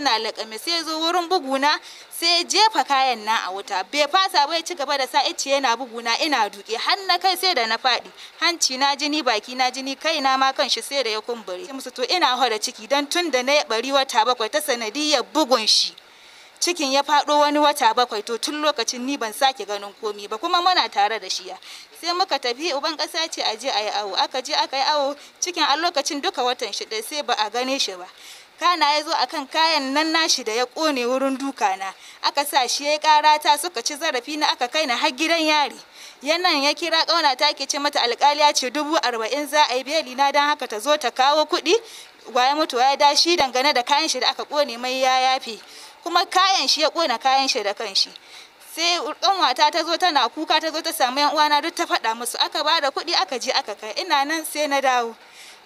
suna laƙame sai zo wurin buguna sai jefa kayan na a wuta bai fasa bai ci gaba da sa ice yana buguna ina duke har na kai sai da na faɗi hanci na jini baki na jini kai na ma kan shi sai da ya kumbure musu to ina hora ciki dan tun da na bari wata bakwai ta sanadiyar bugun shi cikin ya faɗo wani wata bakwai to tun lokacin ni ban sake ganin komi ba kuma muna tare da shi sai muka tafi uban kasa ce a je a yi awo aka je aka yi awo cikin a lokacin duka watan shida sai ba a gane shi ba kana ya zo akan kayan nan nashi da ya kone wurin duka na aka sa shi ya kara ta suka ci zarafi na aka kai na har gidan yari yanan ya kira kauna ta ke ce mata alƙaliya ce dubu arba'in za a yi beli na don haka ta zo ta kawo kuɗi waye mutu ya da shi, dangane da kayan shi da aka kone mai ya yafe kuma kayan shi ya kona kayan shi da shi sai ƙanwata ta zo tana kuka ta zo ta samu yan uwana duk ta faɗa musu aka ba da kuɗi aka je aka kai ina nan sai na dawo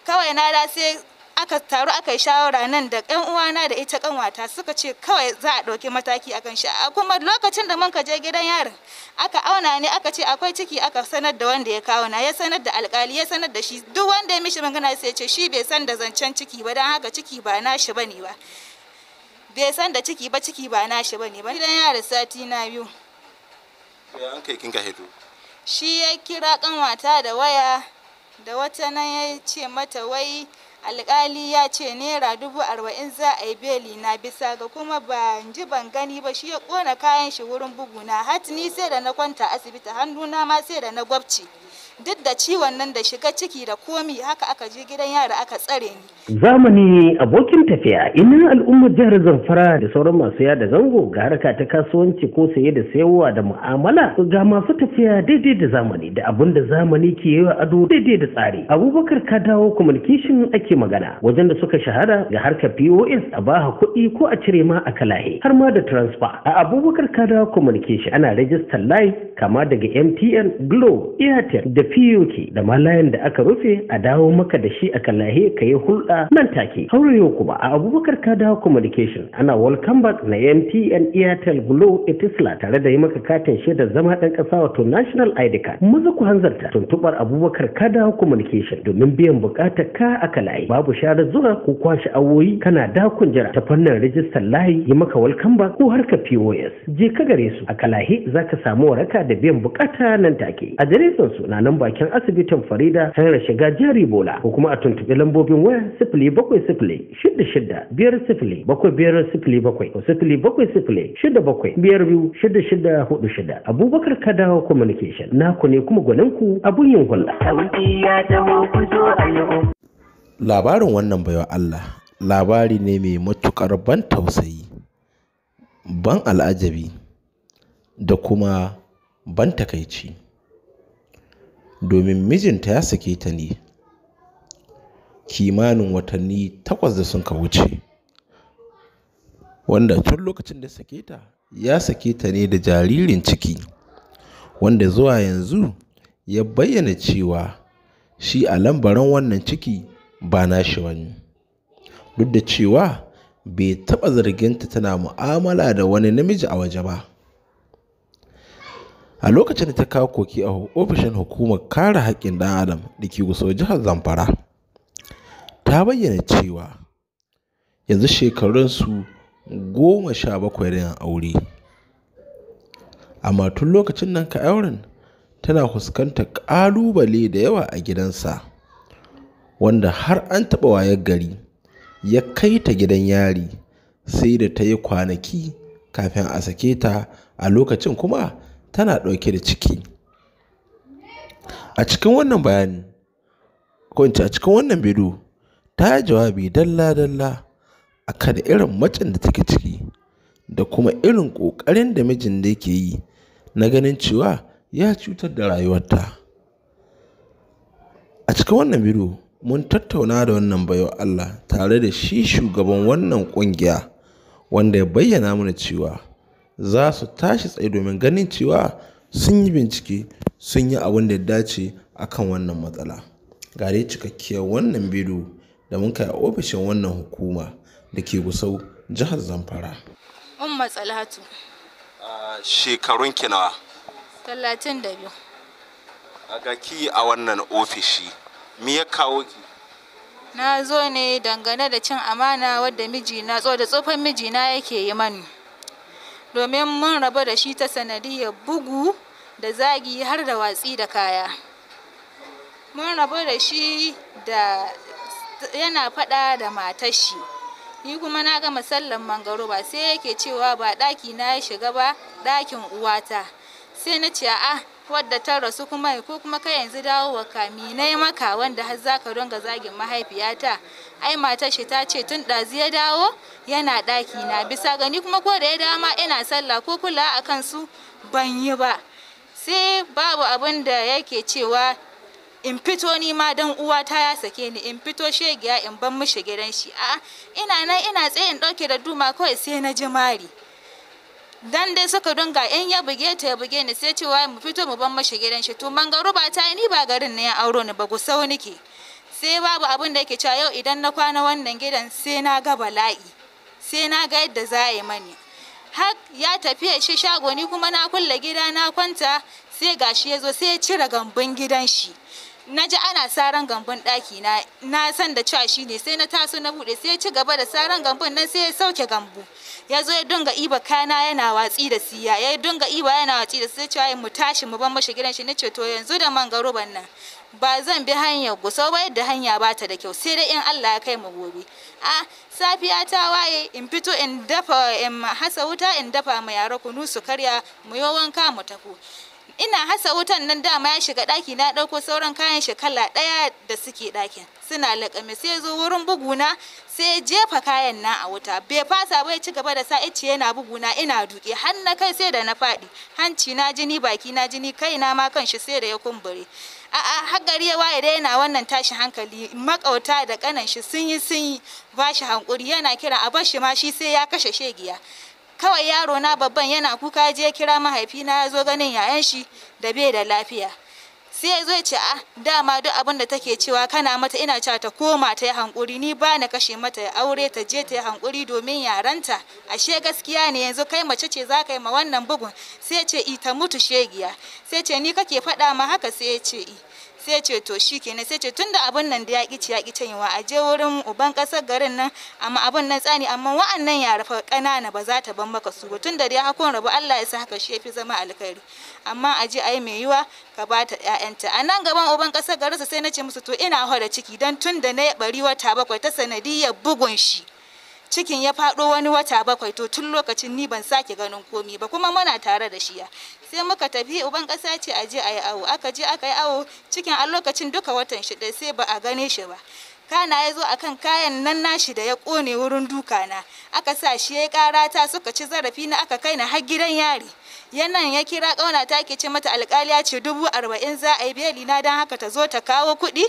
kawai na da sai aka taru aka yi shawara nan da ƴan uwana da ita kanwata suka ce kawai za a ɗauki mataki akan shi kuma lokacin da muka je gidan yarin aka auna ne aka ce akwai ciki aka sanar da wanda ya kawo na ya sanar da alkali ya sanar da shi duk wanda ya mishi magana sai ya ce shi bai san da zancen ciki ba don haka ciki ba nashi bane ba bai san da ciki ba ciki ba nashi bane ba gidan yarin sati na biyu an kai kin hito shi ya kira kanwata da waya da wata nan ya ce mata wai alkali ya ce naira dubu arba'in za a yi beli na bisa ga kuma ba ji ban gani ba shi ya kona kayan shi wurin bugu na hat ni sai da na kwanta asibiti hannuna ma sai da na gwabci duk da ciwon nan da shiga ciki da komi haka aka je gidan yara aka tsare ni. Zamani abokin tafiya inan al'ummar jihar Zamfara da sauran masu yada zango ga harka ta kasuwanci ko saye da sayarwa da mu'amala ga masu tafiya daidai da zamani da abin da zamani ke yi wa ado daidai da tsari. Abubakar ka dawo communication ake magana wajen da suka shahara ga harkar POS a baha kuɗi ko a cire ma a kalahe har ma da transfer. A Abubakar ka dawo communication ana rajistar live kama daga MTN, Glo, Airtel da pok da malayan da aka rufe a dawo maka da shi a lahi ka yi hulɗa nan take haurayo kuma a abubakar ka dawo communication ana welcome back na mtn airtel glo etisla tare da yi maka katin shaidar zama ɗan ƙasa wato national id card maza ku hanzarta tuntuɓar abubakar ka dawo communication domin biyan buƙatar ka a layi. babu sharar zuwa ko kwashe awoyi kana kun jira ta fannin rijistar layi yi maka welcome back ko harka pos je ka gare su a kalahe za ka samu waraka da biyan buƙata nan take adireshin su na nan nan bakin asibitin Farida hanyar shiga jari bola ko kuma a tuntuɓi lambobin waya sifili bakwai sifili shida shida biyar sifili bakwai biyar sifili bakwai ko sifili bakwai sifili shida bakwai biyar biyu shida shida hudu shida Abubakar Kadawa Communication naku ne kuma gwaninku abun yin hulɗa. Labarin wannan baiwa Allah labari ne mai matuƙar ban tausayi, ban al'ajabi da kuma ban takaici. domin mijinta ya sake ta ne kimanin watanni takwas da sun ka wuce wanda tun lokacin da sake ta ya sake ta ne da jaririn ciki wanda zuwa yanzu ya bayyana cewa shi a lambaran wannan ciki ba na shi wani duk da cewa bai taɓa zarginta tana mu'amala da wani namiji a waje ba a lokacin da ta kawo koki a ofishin hukumar kare haƙƙin ɗan adam da ke gusau jihar zamfara ta bayyana cewa yanzu shekarunsu goma sha bakwai da yin aure amma tun lokacin nan ka auren tana fuskantar ƙalubale da yawa a gidansa wanda har an taɓa wayar gari ya kai ta gidan yari sai da ta yi kwanaki kafin a sake ta a lokacin kuma tana ɗauke da ciki a cikin wannan bayani ko a cikin wannan bidiyo ta yi jawabi dalla-dalla a kan irin macen da take ciki da kuma irin ƙoƙarin da mijin da yake yi na ganin cewa ya cutar da rayuwarta a cikin wannan bidiyo mun tattauna da wannan bayo Allah tare da shi shugaban wannan ƙungiya wanda ya bayyana mana cewa za su tashi tsaye domin ganin cewa sun yi bincike sun yi abin da ya dace kan wannan matsala gare cikakkiyar wannan bido da mun kai a ofishin wannan hukuma da ke gusau jihar zamfara umma tsalatu shekarun kinawa talatin da biyu a gaki a wannan ofishi me ya kawo ki na zo ne dangane da cin amana wadda na tso da tsofan mijina yake yi mani domin mun raba da shi ta sanadiyar bugu da zagi har da watsi da kaya mun raba da shi da yana faɗa da matashi, ni kuma na ga masallan mangaro ba sai yake cewa ba ɗaki na ya shiga ba ɗakin uwata sai na ce a'a wadda ta rasu kuma ko kuma kai yanzu dawo wa kaminai maka wanda har za ka ronga zagin mahaifiyata ai matar shi ta ce tun ɗazu ya dawo yana ɗaki na bisa gani kuma ko da ya dama ina sallah ko kula a kansu ban yi ba sai babu abin da yake cewa in fito ni ma dan uwa ta ya sake ni in fito shegiya in ban mishi gidan shi a ina nan ina tsaye in ɗauke da duma kawai sai na ji mari dan dai suka dunga in ya buge ta ya buge ni sai ce cewa mu fito mu ban mashi gidan shi to man garuba ta ni ba garin ne ya auro ni ba gusau nike sai babu abin da yake cewa yau idan na kwana wannan gidan sai na ga bala'i sai na ga yadda za a yi mani har ya tafi ya shi shago ni kuma na kulle gida na kwanta sai gashi ya zo sai ya cire gambun gidan shi na ji ana saran gambun ɗaki na na san da cewa shi ne sai na taso na buɗe sai ya ci gaba da saran gambun nan sai ya sauke gambu ya zo ya dinga iba kana yana watsi da siya ya dinga iba yana watsi da sai cewa mu tashi mu ban mashi gidan shi nace to yanzu da man garoban nan ba zan bi hanyar gusau ba yadda hanya ba ta da kyau sai dai in Allah ya kai mu gobe a safiya ta waye in fito in dafa in hasa wuta in dafa ma yara kunu su karya mu yi wanka mu tafi ina hasa wutan nan dama ya shiga ɗaki na ɗauko sauran kayan shi kala ɗaya da suke ɗakin suna laƙame sai zo wurin buguna sai jefa kayan na a wuta bai fasa bai ci gaba da sa ice yana buguna ina duke har na kai sai da na faɗi hanci na jini baki na jini kai na ma kanshi sai da ya kumbure a'a har gari ya waye da yana wannan tashi hankali makauta da kanan shi sun yi sun yi bashi hankuri yana kira a bashi ma shi sai ya kashe shegiya kawai yaro na babban yana kuka je kira mahaifina ya zo ganin yayan shi da bai da lafiya sai ya zo ce a dama duk abin da take cewa kana mata ina cewa ta koma ta yi hankuri ni ba na kashe mata ya aure ta je ta yi hankuri domin yaranta ashe gaskiya ne yanzu kai mace ce za ka yi ma wannan bugun sai ce i ta mutu shegiya sai ce ni kake faɗa ma haka sai ya ce i sai ce to shi kenan sai ce tunda abin nan da ya ƙi ya ƙi wa a je wurin uban ƙasar garin nan amma abin nan tsani amma wa'annan ya rufe ƙanana ba za ta ban maka su ba tunda da ya hakon rabu Allah ya sa haka shi ya fi zama alkhairi amma a je ai mai yiwa ka ba ta ƴaƴanta a nan gaban uban ƙasar garin sai na ce musu to ina hora ciki dan tunda na bari wata bakwai ta sanadiyar bugun shi cikin ya faɗo wani wata bakwai to tun lokacin ni ban sake ganin komi ba kuma muna tare da shi ya sai muka tafi uban ƙasa ce a je a yi awo aka je aka yi awo cikin a lokacin duka watan shida sai ba a gane shi ba kana ya zo akan kayan nan nashi da ya ƙone wurin duka na aka sa shi ya yi ta suka ci zarafi na aka kai na har gidan yari yanan ya kira ƙauna ta ke ce mata alƙali ya ce dubu arba'in za a yi beli na don haka ta zo ta kawo kuɗi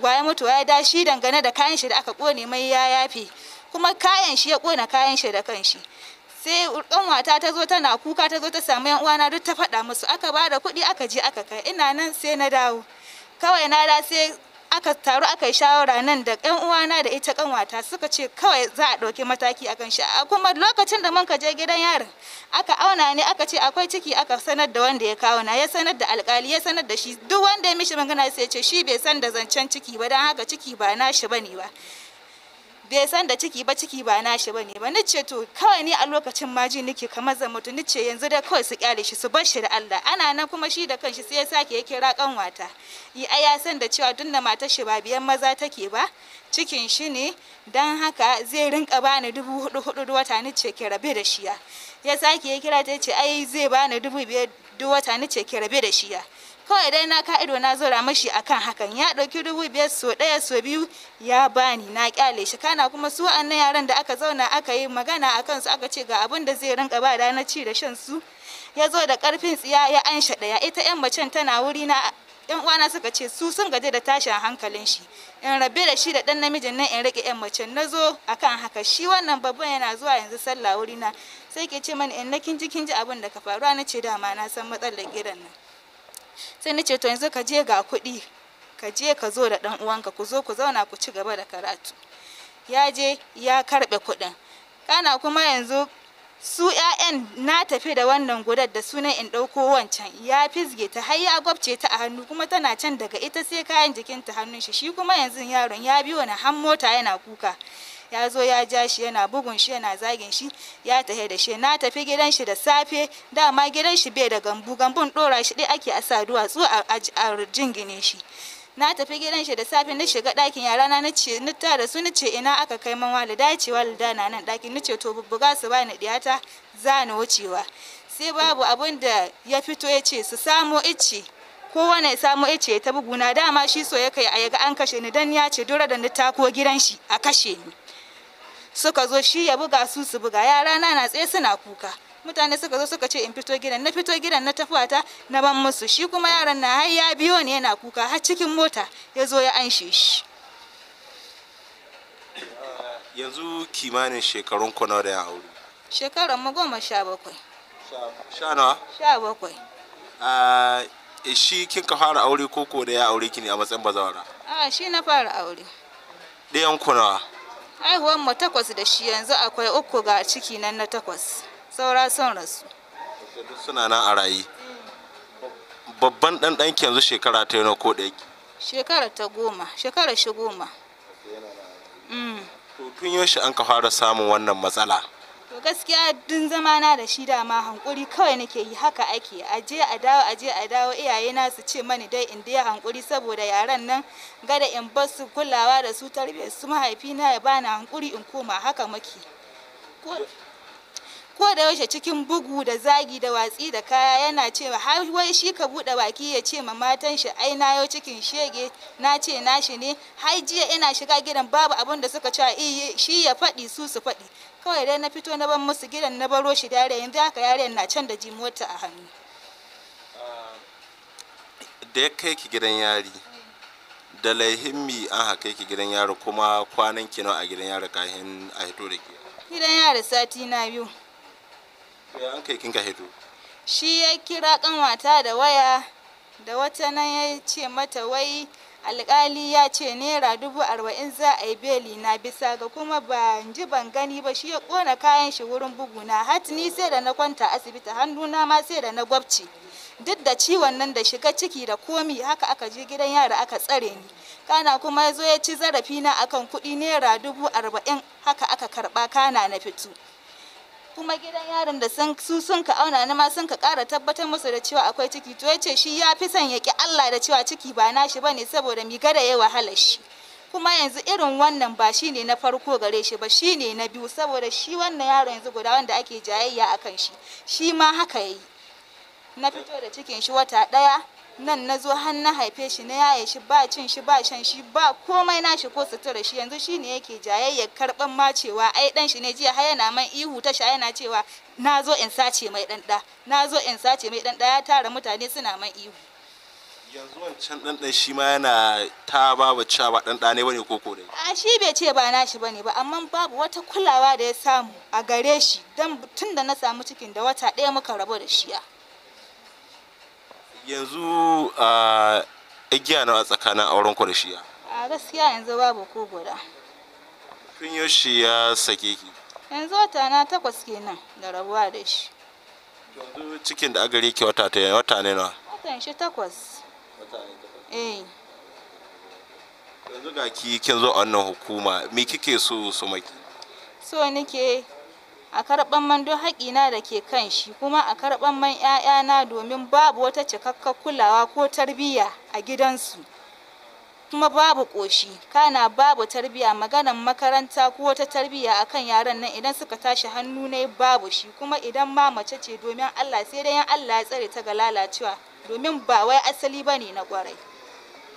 waye mutu ya dashi dangane da kayan shi da aka ƙone mai ya yafe kuma kayan shi ya kona kayan shi da kanshi sai ƙanwata ta zo tana kuka ta zo ta samu yan uwana duk ta faɗa musu aka ba da kuɗi aka je aka kai ina nan sai na dawo kawai na da sai aka taru aka yi shawara nan da yan uwana da ita kanwata suka ce kawai za a ɗauki mataki akan shi a kuma lokacin da mun je gidan yarin aka auna ne aka ce akwai ciki aka sanar da wanda ya kawo na ya sanar da alkali ya sanar da shi duk wanda ya mishi magana sai ya ce shi bai san da zancen ciki ba don haka ciki ba nashi bane ba bai san da ciki ba ciki ba nashi ba ne ba ce to kawai ni a lokacin maji nake kamar zan mutu ce yanzu da kawai su kyale shi su bar shi da Allah ana nan kuma shi da kanshi sai ya sake ya kira kanwata yi ya san da cewa tunda matar shi ba biyan maza take ba cikin shi ne don haka zai rinka bani dubu hudu hudu wata ce ki rabe da shiya ya sake ya kira ta ce ai zai bani dubu biyar duk wata ce ki rabe da shiya kawai dai na ka ido na zura mashi akan hakan ya ɗauki dubu biyar so ɗaya so biyu ya bani na kyale shi kana kuma su wa'annan yaran da aka zauna aka yi magana akan su aka ce ga abin da zai rinka ba da na ci da shan su ya zo da ƙarfin tsiya ya ansha ɗaya ita yan macen tana wuri na yan uwana suka ce su sun gaji da tashin hankalin shi in rabe da shi da dan namijin nan in rike yan macen na zo akan haka shi wannan babban yana zuwa yanzu sallah wuri na sai ke ce mani in na kinji kinji abin da ka faru na ce dama na san matsalar gidan nan sai nace ce to yanzu ka je ga kuɗi ka je ka zo da ɗan uwanka ku zo ku zauna ku ci gaba da karatu ya je ya karɓe kuɗin kana kuma yanzu su ƴaƴan na tafi da wannan gudar da sunan in ɗauko wancan ya fizge ta har ya gwabce ta a hannu kuma tana can daga ita sai kayan jikinta hannun shi shi kuma yanzu yaron ya biyo na han mota yana kuka ya zo ya ja shi yana bugun shi yana zagin shi ya tahe da shi na tafi gidan shi da safe dama gidan shi bai da gambu gambun dora shi dai ake asa duwatsu a jingine shi na tafi gidan shi da safe na shiga ɗakin yara na nace ni ta da su nace ina aka kai man walida ce walida na nan ɗakin nace to bubbuga su bani diyata za ni wucewa sai babu abin da ya fito ya ce su samo icce kowane ya samo ice ta buguna dama shi so ya kai a yaga an kashe ni dan ya ce dora da ni tako gidan shi a kashe ni suka zo shi ya buga su su buga yara na na tsaye suna kuka mutane suka zo suka ce in fito gidan na fito gidan na tafuwata na ban musu shi kuma yaran na har ya biyo ne yana kuka har cikin mota ya zo ya anshe shi eh, yanzu kimanin shekarun ku nawa da ya aure Shekarun mu goma sha bakwai sha nawa sha bakwai a eh, eh, shi kin ka fara aure ko da ya aure ki ne a matsayin bazawara a ah, shi na fara aure ɗayan ku nawa haihuwar mu takwas da shi yanzu akwai uku ga ciki nan na takwas saura son rasu suna nan a rayi babban dan danki yanzu shekara ta yana ko da yake shekara ta goma shekara shi goma mm. tun yaushe an ka fara samun wannan matsala to gaskiya dun na da shi dama hankuri kawai nake yi haka ake aje a dawo aje a dawo iyaye na su ce mani dai in dai hankuri saboda yaran nan gada in bar su kulawa da su tarbiyya su mahaifi na ya bani hankuri in koma haka muke ko da yaushe cikin bugu da zagi da watsi da kaya yana ce har wai shi ka bude baki ya ce ma matan shi ai na yau cikin shege na ce na shi ne har jiya ina shiga gidan babu abin da suka ce shi ya faɗi su su faɗi kawai dai na fito na ban musu gidan na baro shi dare yanzu haka yaren na can da jimota a hannu da ya kai ki gidan yari da laihimmi an haka ki gidan yari, kuma kwanan ki nawa a gidan yari kahin a hito da ke gidan yari sati na biyu ya an kai kin ka hito shi ya kira kanwata da waya da wata nan ya ce mata wai alƙali ya ce naira dubu arba'in za a yi beli na bisa ga kuma ban ji ban gani ba shi ya kona kayan shi wurin bugu na hatini sai da na kwanta asibiti hannuna ma sai da na gwabci duk da ciwon nan da shiga ciki da komi haka aka je gidan yara aka tsare ni kana kuma ya zo ya ci zarafi na akan kuɗi naira dubu arba'in haka aka karɓa kana na fito kuma gidan yaron da su sun ka auna ni ma sun ka kara tabbatar musu da cewa akwai ciki to yace shi ya fi son ya ki Allah da cewa ciki ba nashi bane saboda mi gada yayi wahala shi kuma yanzu irin wannan ba shine na farko gare shi ba shi na biyu saboda shi wannan yaron yanzu guda wanda ake jayayya akan shi shi ma haka yayi na fito da cikin shi wata ɗaya nan na zo har na haife shi na yaye shi ba cin shi ba shan shi ba komai na shi ko sutura shi yanzu shine yake jayayyar karban ma cewa ai dan shi ne jiya har yana man ihu ta sha yana cewa na zo in sace mai dan da na zo in sace mai dan da ya tara mutane suna man ihu yanzu wancan dan dan shi ma yana ta babu cewa ba dan da ne bane koko ne a shi bai ce ba na shi bane ba amma babu wata kulawa da ya samu a gare shi dan tunda na samu cikin da wata ɗaya muka rabu da shi yanzu a igiya a tsakanin auren ku da shi a gaskiya yanzu babu ko guda tun shi ya sake ki yanzu wata na takwas kenan da rabuwa da shi yanzu cikin da agari ke wata ta wata ne nawa watan shi takwas eh yanzu ga ki kin zo a wannan hukuma me kike so su maki so nake a karɓan man don haƙina da ke kan shi kuma a karɓan man 'ya'yana domin babu wata cikakkar kulawa ko tarbiyya a gidansu kuma babu ƙoshi kana babu tarbiyya maganan makaranta ko wata tarbiyya kan yaran nan idan suka tashi hannu ne babu shi kuma idan ma mace ce domin Allah sai dai Allah ya tsare ta ga lalacewa domin ba wai asali ne na kwarai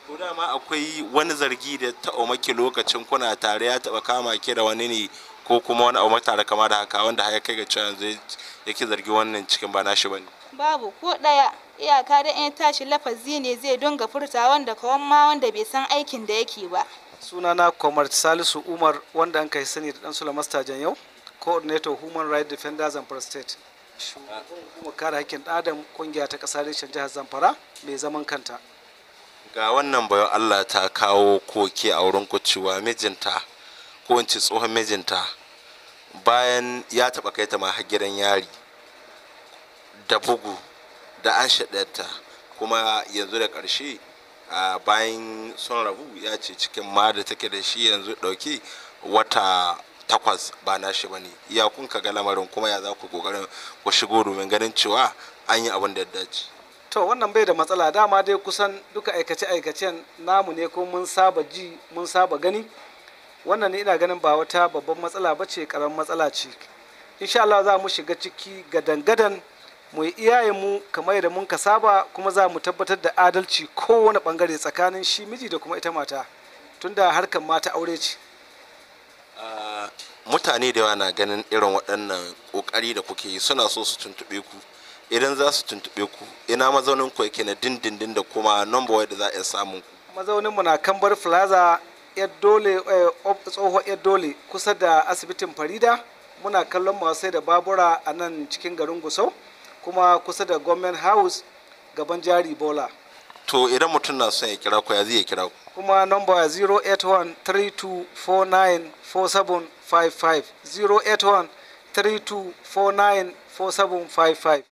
ko dama akwai wani zargi da ta omaki lokacin kuna tare ya taba kama ki da wani ne ko kuma wani abu matare kama da haka wanda haka kai ga cewa zai yake zargi wannan cikin ba nashi bane babu ko daya iyaka da yan tashi lafazi ne zai dinga furta wanda kawan ma wanda bai san aikin da yake ba sunana Komar Salisu Umar wanda an kai sani da dan sula mastajan yau coordinator Human Rights Defenders Zamfara State shugaban hukumar kare hakkin ɗan adam kungiya ta ƙasar reshen jihar Zamfara mai zaman kanta ga wannan bayan Allah ta kawo koke a wurin kucewa mijinta kowace tsohon mijinta bayan ya taɓa kai ta ma gidan yari da bugu da an shaɗarta kuma yanzu da ƙarshe bayan son rabu ya ce cikin ma da take da shi yanzu ɗauki wata takwas ba na shi ba ne ya kun ka ga lamarin kuma ya za ku ƙoƙarin ku shigo domin ganin cewa an yi abin da ya dace to wannan bai da matsala dama dai kusan duka aikace-aikacen namu ne ko mun saba ji mun saba gani wannan ne ina ganin ba wata babban matsala ba ce karamin matsala ce insha Allah za mu shiga ciki gadan-gadan mu yi iyayenmu kamar yadda mun ka saba kuma za mu tabbatar da adalci kowane bangare tsakanin shi miji da kuma ita mata tunda harkar mata aure ce mutane da yawa na ganin irin waɗannan ƙoƙari da kuke yi suna so su tuntuɓe ku idan za su tuntuɓe ku ina mazaunin ku yake na dindindin da kuma number da za a samun ku mazaunin mu na kambar plaza dole eh, dole kusa da asibitin farida muna kallon masu da babura a nan cikin garin gusau kuma kusa da government house gaban jari bola to idan mutum na son ya kira ko ya zai kira ku kuma number 3249 4755